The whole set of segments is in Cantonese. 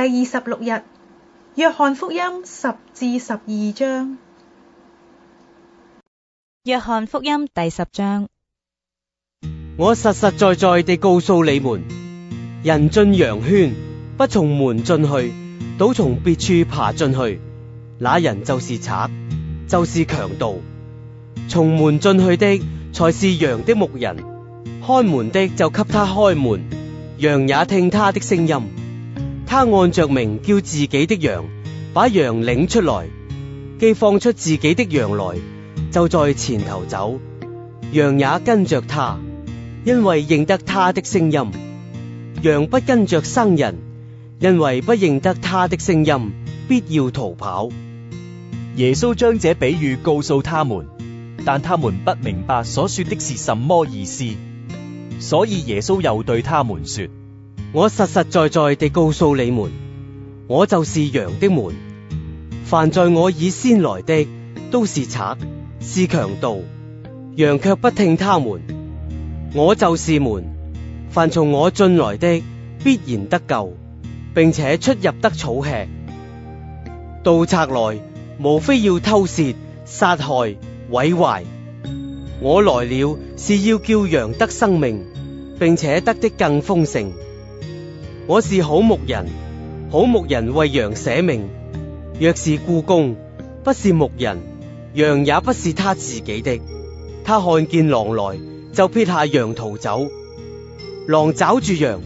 第二十六日，約翰福音十至十二章。約翰福音第十章，我實實在在地告訴你們，人進羊圈，不從門進去，倒從別處爬進去，那人就是賊，就是強盜。從門進去的，才是羊的牧人。開門的就給他開門，羊也聽他的聲音。他按着名叫自己的羊，把羊領出來，既放出自己的羊來，就在前頭走，羊也跟着他，因為認得他的聲音。羊不跟着生人，因為不認得他的聲音，必要逃跑。耶穌將這比喻告訴他們，但他們不明白所說的是什麼意思，所以耶穌又對他們說。我實實在在地告訴你們，我就是羊的門。凡在我以先來的，都是賊，是強盜。羊卻不聽他們。我就是門。凡從我進來的，必然得救，並且出入得草吃。盜賊來，無非要偷竊、殺害、毀壞。我來了，是要叫羊得生命，並且得的更豐盛。我是好牧人，好牧人為羊捨命。若是僱工，不是牧人，羊也不是他自己的。他看見狼來，就撇下羊逃走。狼抓住羊，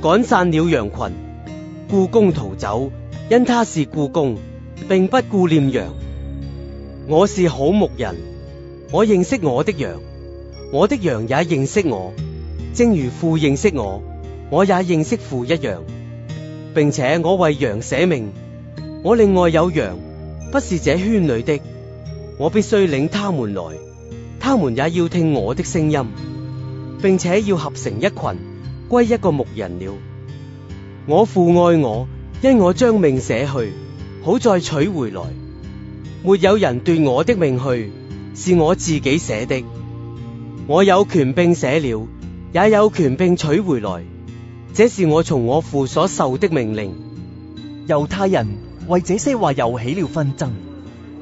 趕散了羊群。僱工逃走，因他是僱工，並不顧念羊。我是好牧人，我認識我的羊，我的羊也認識我，正如父認識我。我也認識父一樣，並且我為羊捨命，我另外有羊，不是這圈裏的，我必須領他們來，他們也要聽我的聲音，並且要合成一群，歸一個牧人了。我父愛我，因我將命捨去，好再取回來。沒有人奪我的命去，是我自己捨的。我有權柄捨了，也有權柄取回來。這是我從我父所受的命令。猶太人為這些話又起了紛爭，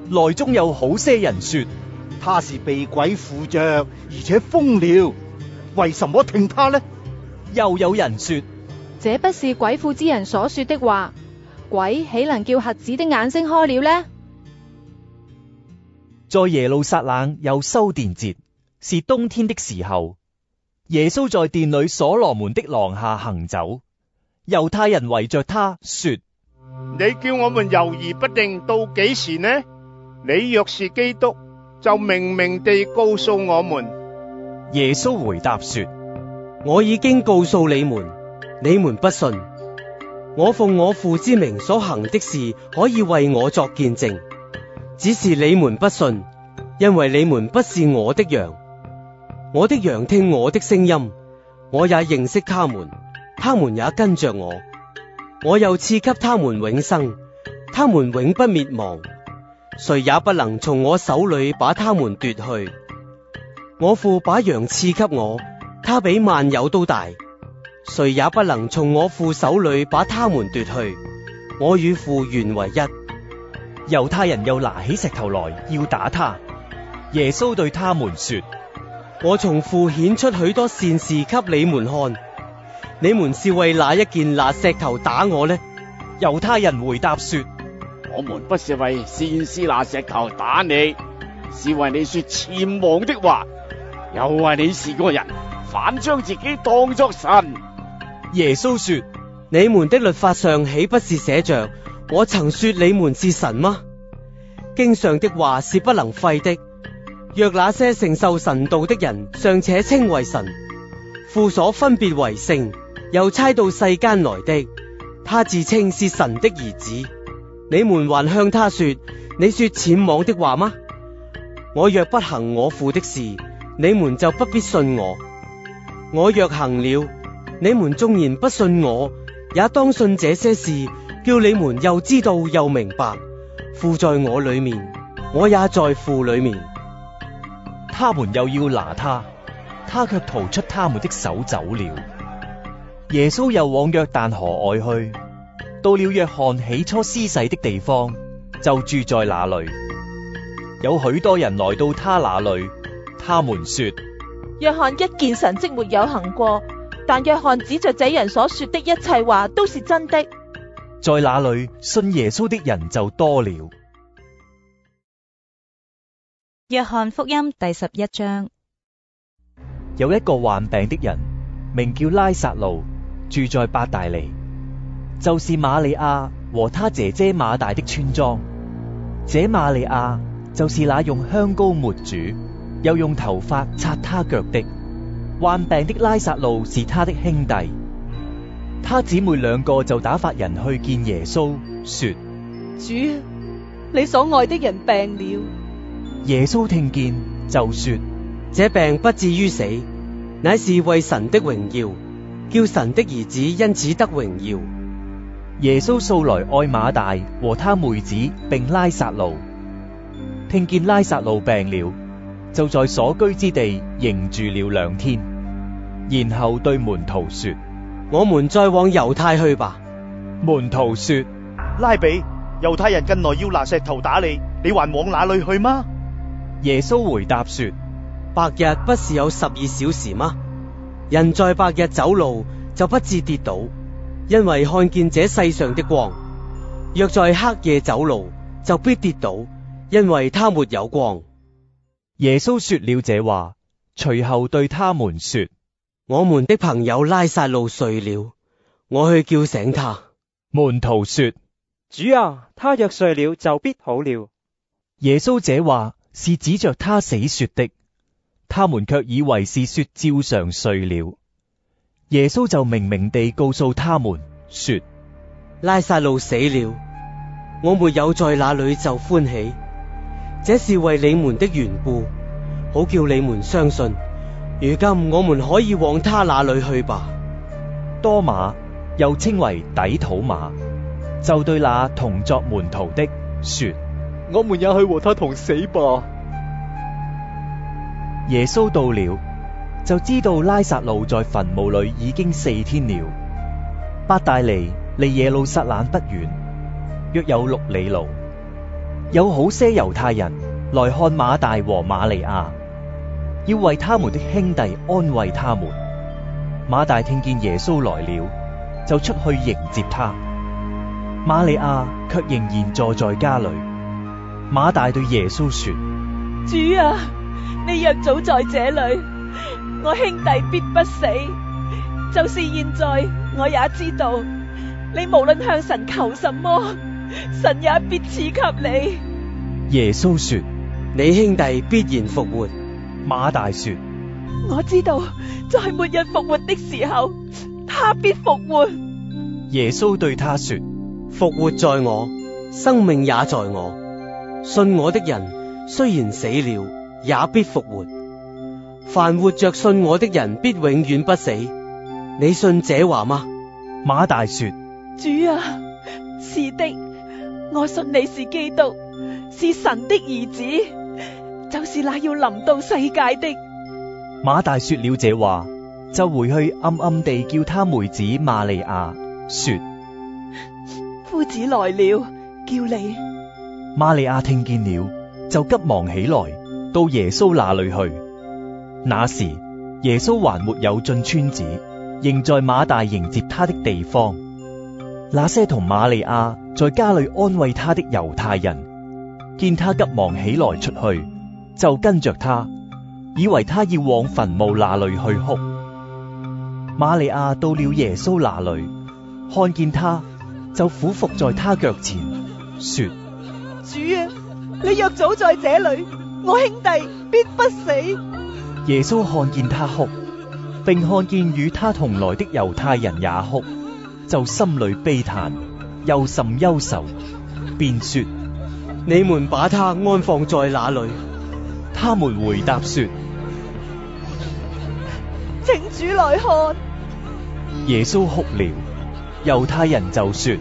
內中有好些人說他是被鬼附着，而且瘋了。為什麼聽他呢？又有人說這不是鬼附之人所說的話，鬼豈能叫瞎子的眼睛開了呢？在耶路撒冷有修殿節，是冬天的時候。耶穌在殿裏所羅門的廊下行走，猶太人圍着他說：你叫我們猶豫不定到幾時呢？你若是基督，就明明地告訴我們。耶穌回答說：我已經告訴你們，你們不信。我奉我父之名所行的事，可以為我作見證。只是你們不信，因為你們不是我的羊。我的羊聽我的聲音，我也認識他們，他們也跟着我。我又賜給他們永生，他們永不滅亡，誰也不能從我手裏把他們奪去。我父把羊賜給我，他比萬有都大，誰也不能從我父手裏把他們奪去。我與父原為一。猶太人又拿起石頭來，要打他。耶穌對他們說：我從父顯出許多善事給你們看，你們是為哪一件拿石頭打我呢？猶太人回答說：我們不是為善事拿石頭打你，是為你說僭妄的話，又為你是個人反將自己當作神。耶穌說：你們的律法上豈不是寫着我曾說你們是神嗎？經上的話是不能廢的。若那些承受神道的人尚且稱為神，父所分別為聖，又差到世間來的，他自稱是神的兒子，你們還向他說你說僭妄的話嗎？我若不行我父的事，你們就不必信我；我若行了，你們縱然不信我，也當信這些事，叫你們又知道又明白，父在我裏面，我也在父裏面。他們又要拿他，他卻逃出他們的手走了。耶穌又往約旦河外去，到了約翰起初施洗的地方，就住在那裏。有許多人來到他那裏，他們說：約翰一件神蹟沒有行過，但約翰指着這人所說的一切話都是真的。在那裏信耶穌的人就多了。約翰福音第十一章，有一個患病的人，名叫拉撒路，住在伯大尼，就是瑪利亞和他姐姐馬大的村莊。這瑪利亞就是那用香膏抹主，又用頭髮擦他腳的。患病的拉撒路是他的兄弟，他姊妹兩個就打發人去見耶穌，說：主，你所愛的人病了。耶穌聽見，就說：這病不至於死，乃是為神的榮耀，叫神的兒子因此得榮耀。耶穌素來愛馬大和他妹子，並拉撒路，聽見拉撒路病了，就在所居之地仍住了兩天，然後對門徒說：我們再往猶太去吧。門徒說：拉比，猶太人近來要拿石頭打你，你還往哪裏去嗎？耶穌回答說：白日不是有十二小時嗎？人在白日走路就不至跌倒，因為看見這世上的光；若在黑夜走路，就必跌倒，因為他沒有光。耶穌說了這話，隨後對他們說：我們的朋友拉撒路睡了，我去叫醒他。門徒說：主啊，他若睡了，就必好了。耶穌這話是指着他死說的，他們卻以為是說照常睡了。耶穌就明明地告訴他們說：拉撒路死了，我沒有在那裏就歡喜，這是為你們的緣故，好叫你們相信。如今我們可以往他那裏去吧。多馬，又稱為底土馬，就對那同作門徒的說。雪我們也去和他同死吧。耶穌到了，就知道拉撒路在墳墓裏已經四天了。伯大尼離耶路撒冷不遠，約有六里路。有好些猶太人來看馬大和瑪利亞，要為他們的兄弟安慰他們。馬大聽見耶穌來了，就出去迎接他。瑪利亞却仍然坐在家裏。馬大對耶穌說：主啊，你若早在這裏，我兄弟必不死。就是現在，我也知道，你無論向神求什麼，神也必賜給你。耶穌說：你兄弟必然復活。馬大說：我知道，在末日復活的時候，他必復活。耶穌對他說：復活在我，生命也在我。信我的人雖然死了，也必復活；凡活着信我的人，必永遠不死。你信這話嗎？馬大說：主啊，是的，我信你是基督，是神的兒子，就是那要臨到世界的。馬大說了這話，就回去暗暗地叫他妹子瑪利亞，說：夫子來了，叫你。瑪利亞聽見了，就急忙起來，到耶穌那裏去。那時，耶穌還沒有進村子，仍在馬大迎接他的地方。那些同瑪利亞在家裏安慰他的猶太人，見他急忙起來出去，就跟着他，以為他要往墳墓那裏去哭。瑪利亞到了耶穌那裏，看見他，就俯伏在他腳前說：主啊，你若早在這裏，我兄弟必不死。耶穌看見他哭，並看見與他同來的猶太人也哭，就心裏悲嘆，又甚憂愁，便說：你們把他安放在哪裏？他們回答說：請主來看。耶穌哭了。猶太人就說：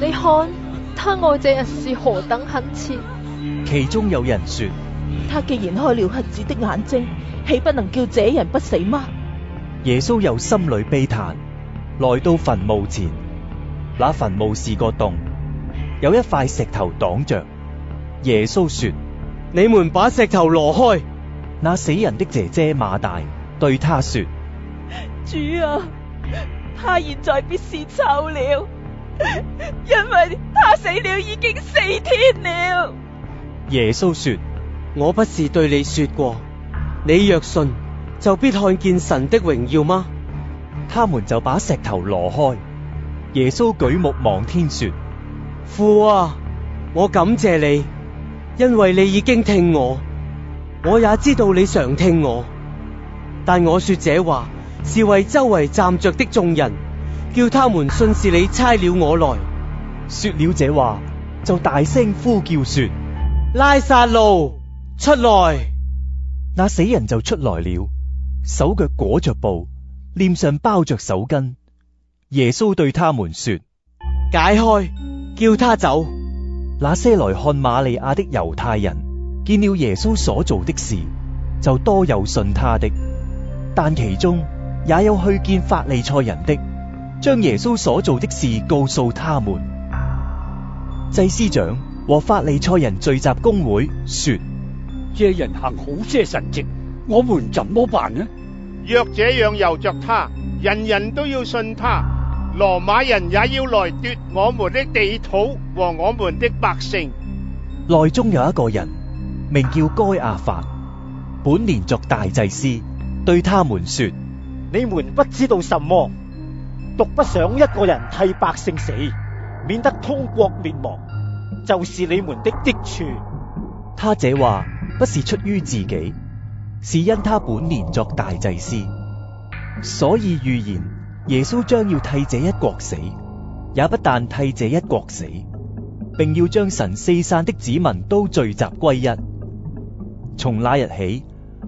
你看。他愛這人是何等懇切。其中有人說，他既然開了瞎子的眼睛，豈不能叫這人不死嗎？耶穌又心裏悲嘆，來到墳墓前，那墳墓是個洞，有一塊石頭擋着。耶穌說：你們把石頭挪開。那死人的姐姐馬大對他說：主啊，他現在必是臭了。 因為他死了已經四天了。耶穌說：我不是對你說過，你若信就必看見神的榮耀嗎？他們就把石頭挪開。耶穌舉目望天說：父啊，我感謝你，因為你已經聽我，我也知道你常聽我，但我說這話是為周圍站着的眾人。叫他們信是你差了我來。說了這話，就大聲呼叫說：拉撒路出來！那死人就出來了，手腳裹着布，臉上包着手巾。耶穌對他們說：解開，叫他走。那些來看馬利亞的猶太人，見了耶穌所做的事，就多有信他的；但其中也有去見法利賽人的。將耶穌所做的事告訴他們，祭司長和法利賽人聚集公會，說：，這人行好些神蹟，我們怎麼辦呢？若這樣由着他，人人都要信他，羅馬人也要來奪我們的地土和我們的百姓。內中有一個人名叫該亞法，本年作大祭司，對他們說：你們不知道什麼？獨不想一個人替百姓死，免得通國滅亡，就是你們的益處。他這話不是出於自己，是因他本年作大祭司，所以預言耶穌將要替這一國死，也不但替這一國死，並要將神四散的子民都聚集歸一。從那日起，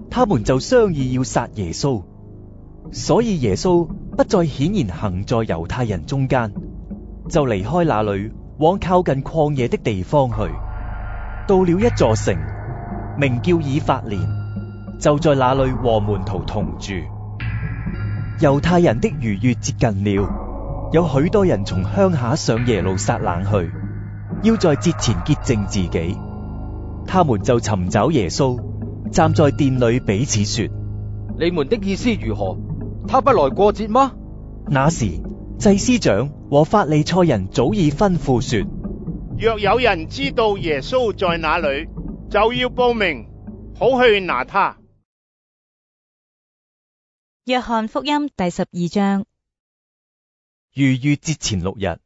他們就商議要殺耶穌，所以耶穌。不再顯然行在猶太人中間，就離開那裏，往靠近曠野的地方去。到了一座城，名叫以法蓮，就在那裏和門徒同住。猶太人的逾越節近了，有許多人從鄉下上耶路撒冷去，要在節前潔淨自己。他們就尋找耶穌，站在殿裏彼此說：你們的意思如何？他不來過節嗎？那時祭司長和法利賽人早已吩咐說：若有人知道耶穌在哪裏，就要報名，好去拿他。約翰福音第十二章。逾越節前六日，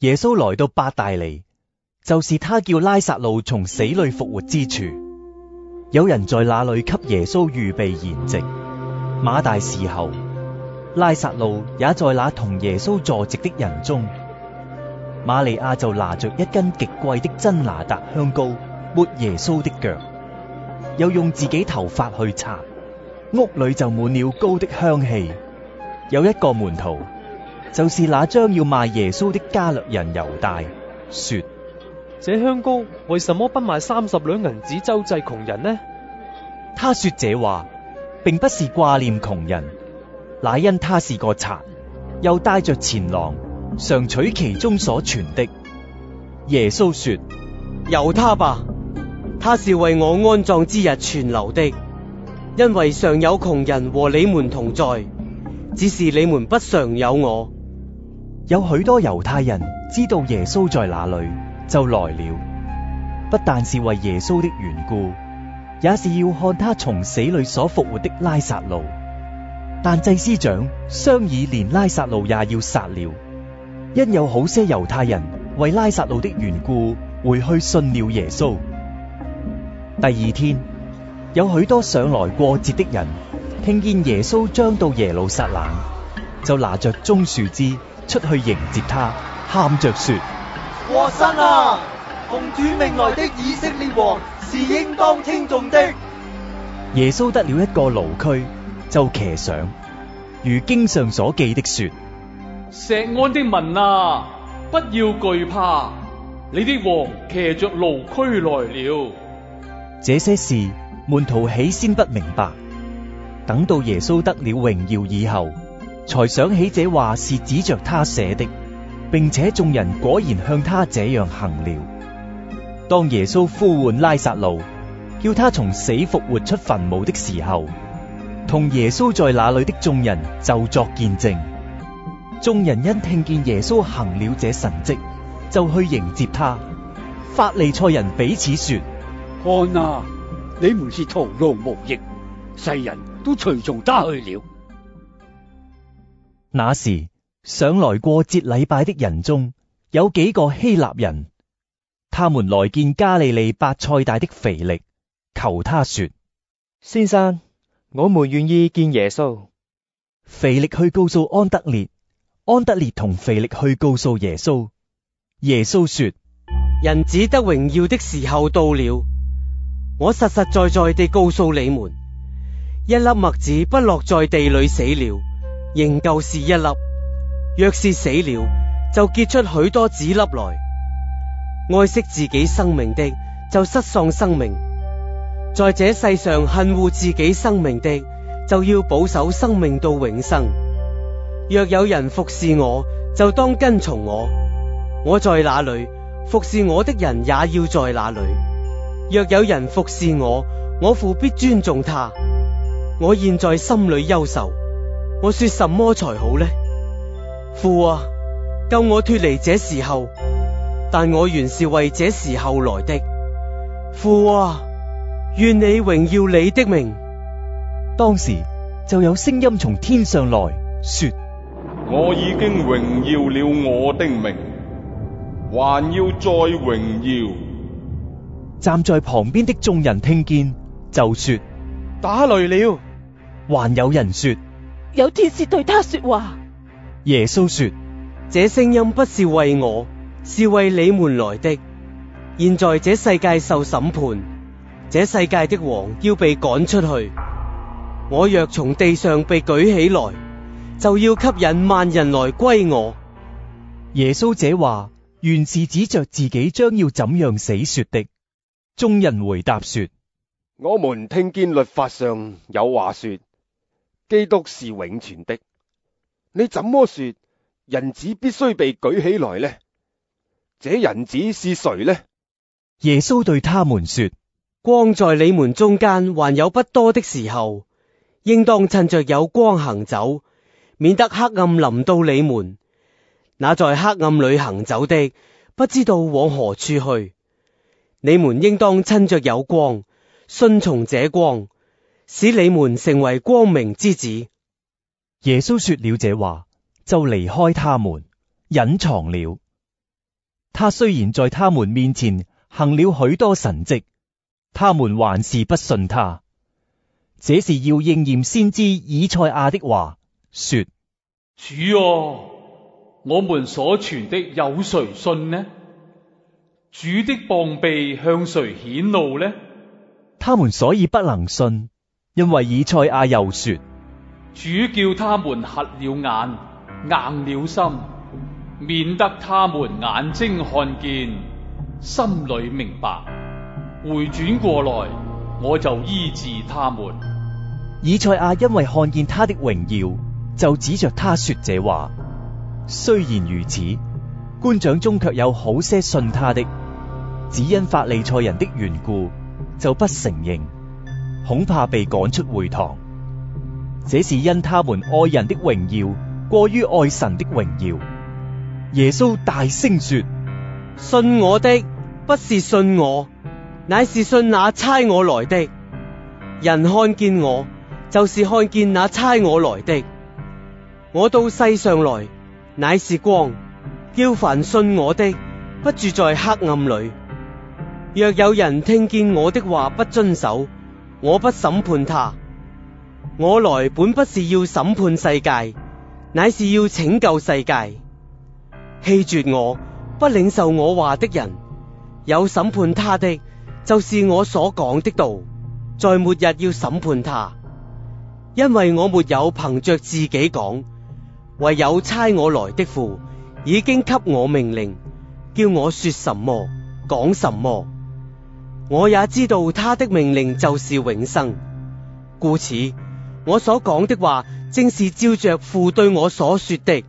耶穌來到伯大尼，就是他叫拉撒路從死裏復活之處。有人在那裏給耶穌預備筵席。馬大伺候，拉撒路也在那同耶穌坐席的人中。瑪利亞就拿着一斤極貴的真哪噠香膏，抹耶穌的腳，又用自己頭髮去擦。屋裏就滿了膏的香氣。有一個門徒，就是那將要賣耶穌的加略人猶大，說：這香膏為什麼不賣三十兩銀子周濟窮人呢？他說這話。並不是掛念窮人，乃因他是個賊，又帶着錢囊，常取其中所存的。耶穌說：由他吧，他是為我安葬之日存留的，因為常有窮人和你們同在，只是你們不常有我。有許多猶太人知道耶穌在哪裏，就來了，不但是為耶穌的緣故。也是要看他從死裏所復活的拉撒路，但祭司長商議連拉撒路也要殺了，因有好些猶太人為拉撒路的緣故回去信了耶穌。第二天，有許多上來過節的人聽見耶穌將到耶路撒冷，就拿着棕樹枝出去迎接他，喊着說：和散那，奉主命來的以色列王！是應當稱頌的。耶穌得了一個驢駒，就騎上，如經上所記的說：石安的民啊，不要懼怕，你的王騎着驢駒來了。這些事，門徒起先不明白，等到耶穌得了榮耀以後，才想起這話是指着他寫的，並且眾人果然向他這樣行了。當耶穌呼喚拉撒路，叫他從死復活出墳墓的時候，同耶穌在那裡的眾人就作見證。眾人因聽見耶穌行了這神蹟，就去迎接他。法利賽人彼此說：看啊，你們是徒勞無益，世人都隨從他去了。那時上來過節禮拜的人中有幾個希臘人。他們來見加利利伯賽大的腓力，求他說：先生，我們願意見耶穌。腓力去告訴安德烈，安德烈同腓力去告訴耶穌。耶穌說：人子得榮耀的時候到了。我實實在在地告訴你們，一粒麥子不落在地裏死了，仍舊是一粒；若是死了，就結出許多子粒來。愛惜自己生命的就失喪生命，在這世上恨惡自己生命的就要保守生命到永生。若有人服侍我，就當跟從我。我在那裏，服侍我的人也要在那裏。若有人服侍我，我父必，必尊重他。我現在心裏憂愁，我說什麼才好呢？父啊，救我脫離這時候。但我原是為這時候來的，父啊，願你榮耀你的名。當時就有聲音從天上來，說：我已經榮耀了我的名，還要再榮耀。站在旁邊的眾人聽見，就說：打雷了。還有人說：有天使對他說話。耶穌說：這聲音不是為我，是為你們來的。現在這世界受審判，這世界的王要被趕出去。我若從地上被舉起來，就要吸引萬人來歸我。耶穌這話原是指着自己將要怎樣死說的。眾人回答說：我們聽見律法上有話說，基督是永存的。你怎麼說人子必須被舉起來呢？這人子是誰呢？耶穌對他們說：光在你們中間還有不多的時候，應當趁着有光行走，免得黑暗臨到你們。那在黑暗裏行走的，不知道往何處去。你們應當趁着有光，信從這光，使你們成為光明之子。耶穌說了這話，就離開他們，隱藏了。他雖然在他們面前行了許多神蹟，他們還是不信他。這是要應驗先知以賽亞的話，說：主啊，我們所傳的有誰信呢？主的膀臂向誰顯露呢？他們所以不能信，因為以賽亞又說：主叫他們瞎了眼，硬了心。免得他們眼睛看見，心裏明白，回轉過來我就醫治他們。以賽亞因為看見他的榮耀，就指着他說這話。雖然如此，官長中卻有好些信他的，只因法利賽人的緣故，就不承認，恐怕被趕出會堂。這是因他們愛人的榮耀過於愛神的榮耀。耶穌大聲說：信我的，不是信我，乃是信那差我來的。人看見我，就是看見那差我來的。我到世上來，乃是光，叫凡信我的，不住在黑暗裏。若有人聽見我的話不遵守，我不審判他。我來本不是要審判世界，乃是要拯救世界。棄絕我不領受我話的人，有審判他的，就是我所講的道，在末日要審判他。因為我沒有憑着自己講，唯有差我來的父已經給我命令，叫我說什麼講什麼。我也知道他的命令就是永生，故此我所講的話，正是照着父對我所說的。